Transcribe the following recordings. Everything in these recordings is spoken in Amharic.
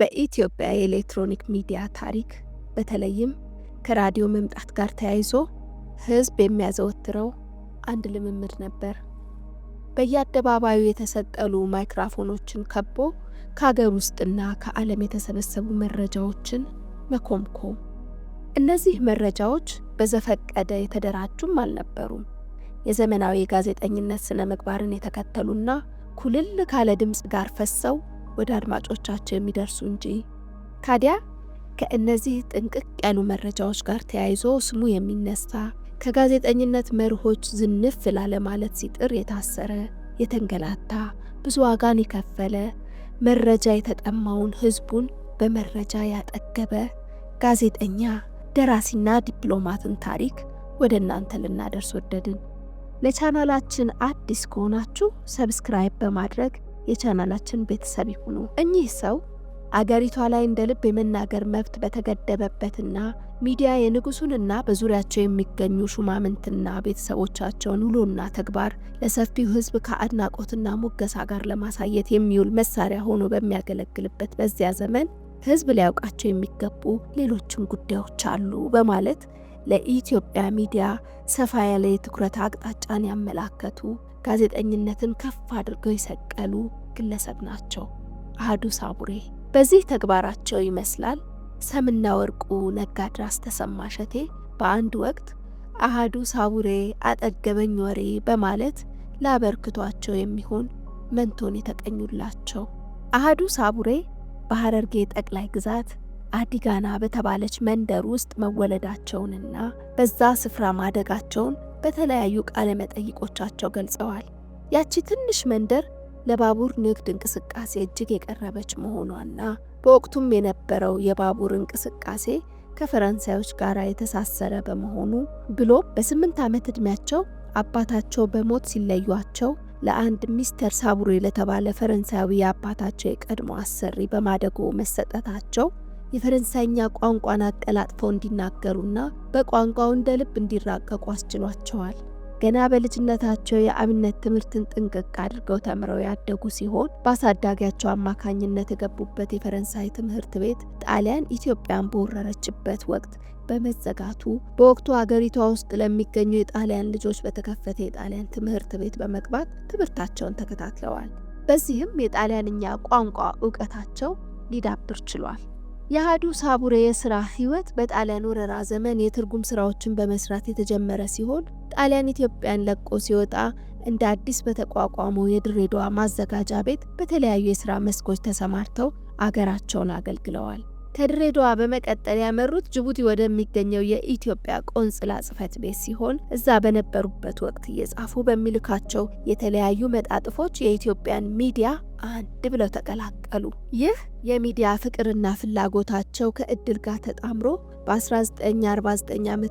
በኢትዮጵያ የኤሌክትሮኒክ ሚዲያ ታሪክ በተለይም ከራዲዮ መምጣት ጋር ተያይዞ ህዝብ የሚያዘወትረው አንድ ልምምድ ነበር። በየአደባባዩ የተሰቀሉ ማይክራፎኖችን ከቦ ከሀገር ውስጥና ከዓለም የተሰበሰቡ መረጃዎችን መኮምኮም። እነዚህ መረጃዎች በዘፈቀደ የተደራጁም አልነበሩም። የዘመናዊ ጋዜጠኝነት ስነ ምግባርን የተከተሉና ኩልል ካለ ድምፅ ጋር ፈሰው ወደ አድማጮቻቸው የሚደርሱ እንጂ። ታዲያ ከእነዚህ ጥንቅቅ ያሉ መረጃዎች ጋር ተያይዞ ስሙ የሚነሳ ከጋዜጠኝነት መርሆች ዝንፍ ላለማለት ሲጥር የታሰረ የተንገላታ ብዙ ዋጋን የከፈለ መረጃ የተጠማውን ህዝቡን በመረጃ ያጠገበ ጋዜጠኛ ደራሲና ዲፕሎማትን ታሪክ ወደ እናንተ ልናደርስ ወደድን። ለቻናላችን አዲስ ከሆናችሁ ሰብስክራይብ በማድረግ የቻናላችን ቤተሰብ ይሁኑ። እኚህ ሰው አገሪቷ ላይ እንደ ልብ የመናገር መብት በተገደበበትና ሚዲያ የንጉሱንና በዙሪያቸው የሚገኙ ሹማምንትና ቤተሰቦቻቸውን ውሎና ተግባር ለሰፊው ሕዝብ ከአድናቆትና ሙገሳ ጋር ለማሳየት የሚውል መሳሪያ ሆኖ በሚያገለግልበት በዚያ ዘመን ሕዝብ ሊያውቃቸው የሚገቡ ሌሎችም ጉዳዮች አሉ በማለት ለኢትዮጵያ ሚዲያ ሰፋ ያለ የትኩረት አቅጣጫን ያመላከቱ ጋዜጠኝነትን ከፍ አድርገው የሰቀሉ ግለሰብ ናቸው። አህዱ ሳቡሬ በዚህ ተግባራቸው ይመስላል ሰምና ወርቁ ነጋድራስ ተሰማ እሸቴ በአንድ ወቅት አህዱ ሳቡሬ አጠገበኝ ወሬ በማለት ላበርክቷቸው የሚሆን መንቶን የተቀኙላቸው። አህዱ ሳቡሬ በሐረርጌ ጠቅላይ ግዛት አዲጋና በተባለች መንደር ውስጥ መወለዳቸውንና በዛ ስፍራ ማደጋቸውን በተለያዩ ቃለ መጠይቆቻቸው ገልጸዋል። ያቺ ትንሽ መንደር ለባቡር ንግድ እንቅስቃሴ እጅግ የቀረበች መሆኗና በወቅቱም የነበረው የባቡር እንቅስቃሴ ከፈረንሳዮች ጋር የተሳሰረ በመሆኑ ብሎ በስምንት ዓመት ዕድሜያቸው አባታቸው በሞት ሲለዩቸው ለአንድ ሚስተር ሳቡሬ ለተባለ ፈረንሳዊ የአባታቸው የቀድሞ አሰሪ በማደጎ መሰጠታቸው የፈረንሳይኛ ቋንቋን አቀላጥፈው እንዲናገሩና በቋንቋው እንደ ልብ እንዲራቀቁ አስችሏቸዋል። ገና በልጅነታቸው የአብነት ትምህርትን ጥንቅቅ አድርገው ተምረው ያደጉ ሲሆን በአሳዳጊያቸው አማካኝነት የገቡበት የፈረንሳይ ትምህርት ቤት ጣሊያን ኢትዮጵያን በወረረችበት ወቅት በመዘጋቱ በወቅቱ ሀገሪቷ ውስጥ ለሚገኙ የጣሊያን ልጆች በተከፈተ የጣሊያን ትምህርት ቤት በመግባት ትምህርታቸውን ተከታትለዋል። በዚህም የጣሊያንኛ ቋንቋ እውቀታቸው ሊዳብር ችሏል። የአሐዱ ሳቡሬ የስራ ህይወት በጣሊያን ወረራ ዘመን የትርጉም ስራዎችን በመስራት የተጀመረ ሲሆን ጣሊያን ኢትዮጵያን ለቆ ሲወጣ እንደ አዲስ በተቋቋመው የድሬዳዋ ማዘጋጃ ቤት በተለያዩ የስራ መስኮች ተሰማርተው አገራቸውን አገልግለዋል። ከድሬዳዋ በመቀጠል ያመሩት ጅቡቲ ወደሚገኘው የኢትዮጵያ ቆንጽላ ጽህፈት ቤት ሲሆን እዛ በነበሩበት ወቅት እየጻፉ በሚልካቸው የተለያዩ መጣጥፎች የኢትዮጵያን ሚዲያ አንድ ብለው ተቀላቀሉ። ይህ የሚዲያ ፍቅርና ፍላጎታቸው ከእድል ጋር ተጣምሮ በ1949 ዓ ም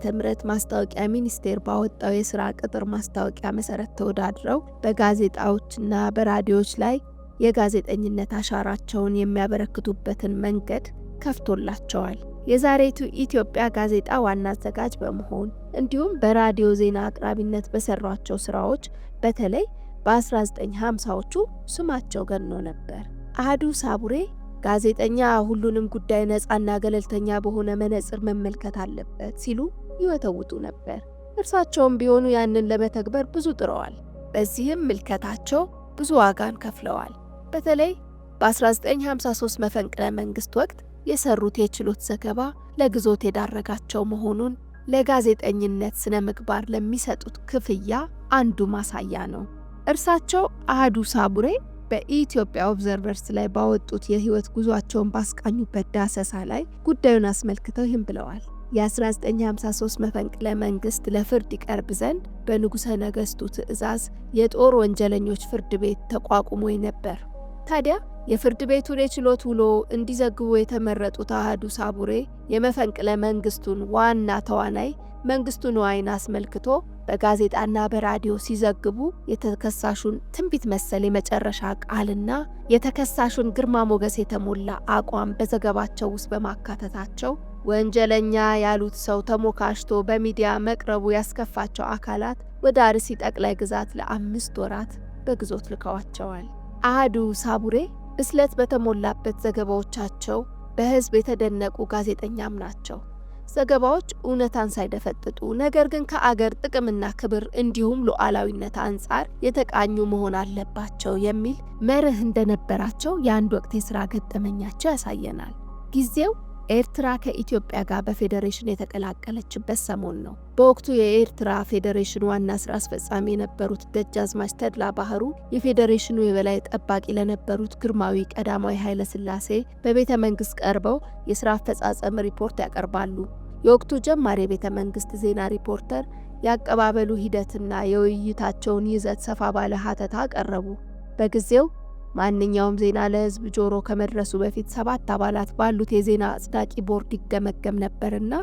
ማስታወቂያ ሚኒስቴር ባወጣው የሥራ ቅጥር ማስታወቂያ መሠረት ተወዳድረው በጋዜጣዎችና በራዲዮዎች ላይ የጋዜጠኝነት አሻራቸውን የሚያበረክቱበትን መንገድ ከፍቶላቸዋል። የዛሬቱ ኢትዮጵያ ጋዜጣ ዋና አዘጋጅ በመሆን እንዲሁም በራዲዮ ዜና አቅራቢነት በሰሯቸው ስራዎች በተለይ በ1950ዎቹ ስማቸው ገኖ ነበር። አህዱ ሳቡሬ ጋዜጠኛ ሁሉንም ጉዳይ ነፃና ገለልተኛ በሆነ መነጽር መመልከት አለበት ሲሉ ይወተውጡ ነበር። እርሳቸውም ቢሆኑ ያንን ለመተግበር ብዙ ጥረዋል። በዚህም ምልከታቸው ብዙ ዋጋን ከፍለዋል። በተለይ በ1953 መፈንቅለ መንግስት ወቅት የሰሩት የችሎት ዘገባ ለግዞት የዳረጋቸው መሆኑን ለጋዜጠኝነት ስነ ምግባር ለሚሰጡት ክፍያ አንዱ ማሳያ ነው። እርሳቸው አህዱ ሳቡሬ በኢትዮጵያ ኦብዘርቨርስ ላይ ባወጡት የህይወት ጉዟቸውን ባስቃኙበት ዳሰሳ ላይ ጉዳዩን አስመልክተው ይህም ብለዋል። የ1953 መፈንቅለ መንግስት ለፍርድ ይቀርብ ዘንድ በንጉሠ ነገሥቱ ትእዛዝ የጦር ወንጀለኞች ፍርድ ቤት ተቋቁሞ ነበር። ታዲያ የፍርድ ቤቱን የችሎት ውሎ እንዲዘግቡ የተመረጡት አህዱ ሳቡሬ የመፈንቅለ መንግስቱን ዋና ተዋናይ መንግስቱ ነዋይን አስመልክቶ በጋዜጣና በራዲዮ ሲዘግቡ የተከሳሹን ትንቢት መሰል የመጨረሻ ቃልና የተከሳሹን ግርማ ሞገስ የተሞላ አቋም በዘገባቸው ውስጥ በማካተታቸው ወንጀለኛ ያሉት ሰው ተሞካሽቶ በሚዲያ መቅረቡ ያስከፋቸው አካላት ወደ አርሲ ጠቅላይ ግዛት ለአምስት ወራት በግዞት ልከዋቸዋል። አህዱ ሳቡሬ እስለት በተሞላበት ዘገባዎቻቸው በህዝብ የተደነቁ ጋዜጠኛም ናቸው። ዘገባዎች እውነታን ሳይደፈጥጡ ነገር ግን ከአገር ጥቅምና ክብር እንዲሁም ሉዓላዊነት አንጻር የተቃኙ መሆን አለባቸው የሚል መርህ እንደነበራቸው የአንድ ወቅት የሥራ ገጠመኛቸው ያሳየናል። ጊዜው ኤርትራ ከኢትዮጵያ ጋር በፌዴሬሽን የተቀላቀለችበት ሰሞን ነው። በወቅቱ የኤርትራ ፌዴሬሽን ዋና ስራ አስፈጻሚ የነበሩት ደጃዝማች ተድላ ባህሩ የፌዴሬሽኑ የበላይ ጠባቂ ለነበሩት ግርማዊ ቀዳማዊ ኃይለ ሥላሴ በቤተ መንግስት ቀርበው የስራ አፈጻጸም ሪፖርት ያቀርባሉ። የወቅቱ ጀማሪ የቤተ መንግስት ዜና ሪፖርተር የአቀባበሉ ሂደትና የውይይታቸውን ይዘት ሰፋ ባለ ሀተታ አቀረቡ። በጊዜው ማንኛውም ዜና ለህዝብ ጆሮ ከመድረሱ በፊት ሰባት አባላት ባሉት የዜና አጽዳቂ ቦርድ ይገመገም ነበርና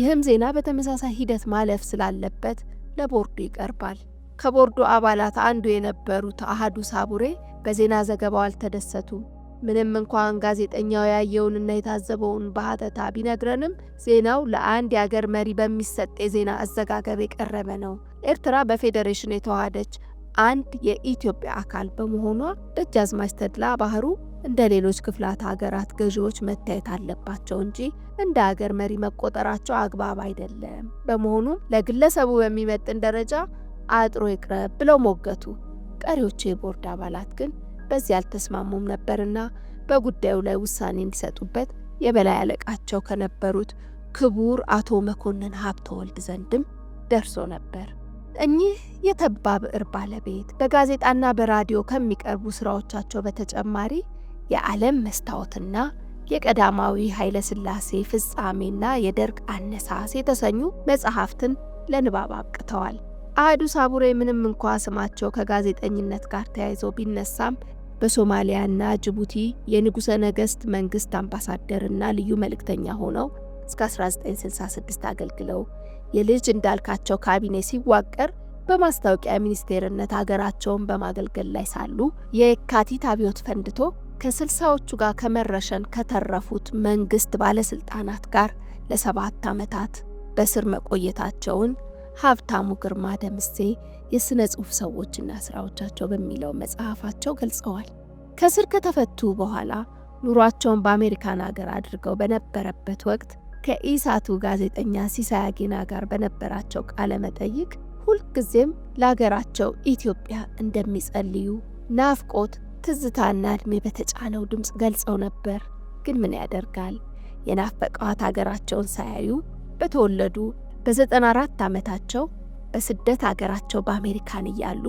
ይህም ዜና በተመሳሳይ ሂደት ማለፍ ስላለበት ለቦርዱ ይቀርባል። ከቦርዱ አባላት አንዱ የነበሩት አህዱ ሳቡሬ በዜና ዘገባው አልተደሰቱም። ምንም እንኳን ጋዜጠኛው ያየውንና የታዘበውን በሀተታ ቢነግረንም ዜናው ለአንድ የአገር መሪ በሚሰጥ የዜና አዘጋገብ የቀረበ ነው። ኤርትራ በፌዴሬሽን የተዋሃደች አንድ የኢትዮጵያ አካል በመሆኗ ደጃዝማች ተድላ ባህሩ እንደ ሌሎች ክፍላት ሀገራት ገዢዎች መታየት አለባቸው እንጂ እንደ ሀገር መሪ መቆጠራቸው አግባብ አይደለም። በመሆኑም ለግለሰቡ በሚመጥን ደረጃ አጥሮ ይቅረብ ብለው ሞገቱ። ቀሪዎቹ የቦርድ አባላት ግን በዚህ አልተስማሙም ነበርና በጉዳዩ ላይ ውሳኔ እንዲሰጡበት የበላይ አለቃቸው ከነበሩት ክቡር አቶ መኮንን ሀብተወልድ ዘንድም ደርሶ ነበር። እኚህ የተባ ብዕር ባለቤት በጋዜጣና በራዲዮ ከሚቀርቡ ሥራዎቻቸው በተጨማሪ የዓለም መስታወትና የቀዳማዊ ኃይለ ሥላሴ ፍጻሜና የደርግ አነሳስ የተሰኙ መጽሐፍትን ለንባብ አብቅተዋል። አህዱ ሳቡሬ ምንም እንኳ ስማቸው ከጋዜጠኝነት ጋር ተያይዞ ቢነሳም በሶማሊያና ጅቡቲ የንጉሠ ነገሥት መንግሥት አምባሳደርና ልዩ መልእክተኛ ሆነው እስከ 1966 አገልግለው የልጅ እንዳልካቸው ካቢኔ ሲዋቀር በማስታወቂያ ሚኒስቴርነት አገራቸውን በማገልገል ላይ ሳሉ የካቲት አብዮት ፈንድቶ ከስልሳዎቹ ጋር ከመረሸን ከተረፉት መንግስት ባለስልጣናት ጋር ለሰባት ዓመታት በስር መቆየታቸውን ሀብታሙ ግርማ ደምሴ የሥነ ጽሑፍ ሰዎችና ሥራዎቻቸው በሚለው መጽሐፋቸው ገልጸዋል። ከስር ከተፈቱ በኋላ ኑሯቸውን በአሜሪካን አገር አድርገው በነበረበት ወቅት ከኢሳቱ ጋዜጠኛ ሲሳይ አጊና ጋር በነበራቸው ቃለ መጠይቅ ሁልጊዜም ለሀገራቸው ኢትዮጵያ እንደሚጸልዩ ናፍቆት፣ ትዝታና ዕድሜ በተጫነው ድምፅ ገልጸው ነበር። ግን ምን ያደርጋል የናፈቀዋት ሀገራቸውን ሳያዩ በተወለዱ በ94 ዓመታቸው በስደት ሀገራቸው በአሜሪካን እያሉ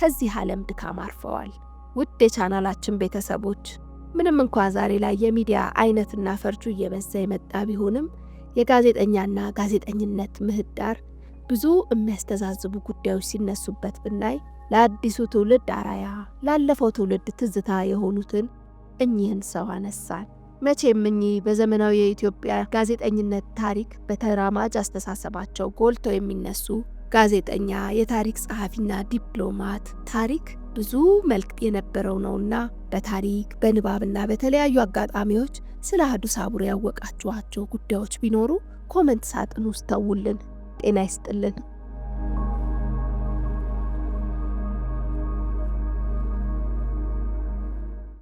ከዚህ ዓለም ድካም አርፈዋል። ውድ የቻናላችን ቤተሰቦች ምንም እንኳ ዛሬ ላይ የሚዲያ አይነትና ፈርጁ እየበዛ የመጣ ቢሆንም የጋዜጠኛና ጋዜጠኝነት ምህዳር ብዙ የሚያስተዛዝቡ ጉዳዮች ሲነሱበት ብናይ ለአዲሱ ትውልድ አራያ፣ ላለፈው ትውልድ ትዝታ የሆኑትን እኚህን ሰው አነሳል። መቼም እኚህ በዘመናዊ የኢትዮጵያ ጋዜጠኝነት ታሪክ በተራማጅ አስተሳሰባቸው ጎልተው የሚነሱ ጋዜጠኛ፣ የታሪክ ጸሐፊና ዲፕሎማት ታሪክ ብዙ መልክ የነበረው ነውና በታሪክ በንባብና በተለያዩ አጋጣሚዎች ስለ ሐዲስ አቡነ ያወቃችኋቸው ጉዳዮች ቢኖሩ ኮመንት ሳጥን ውስጥ ተውልን። ጤና ይስጥልን።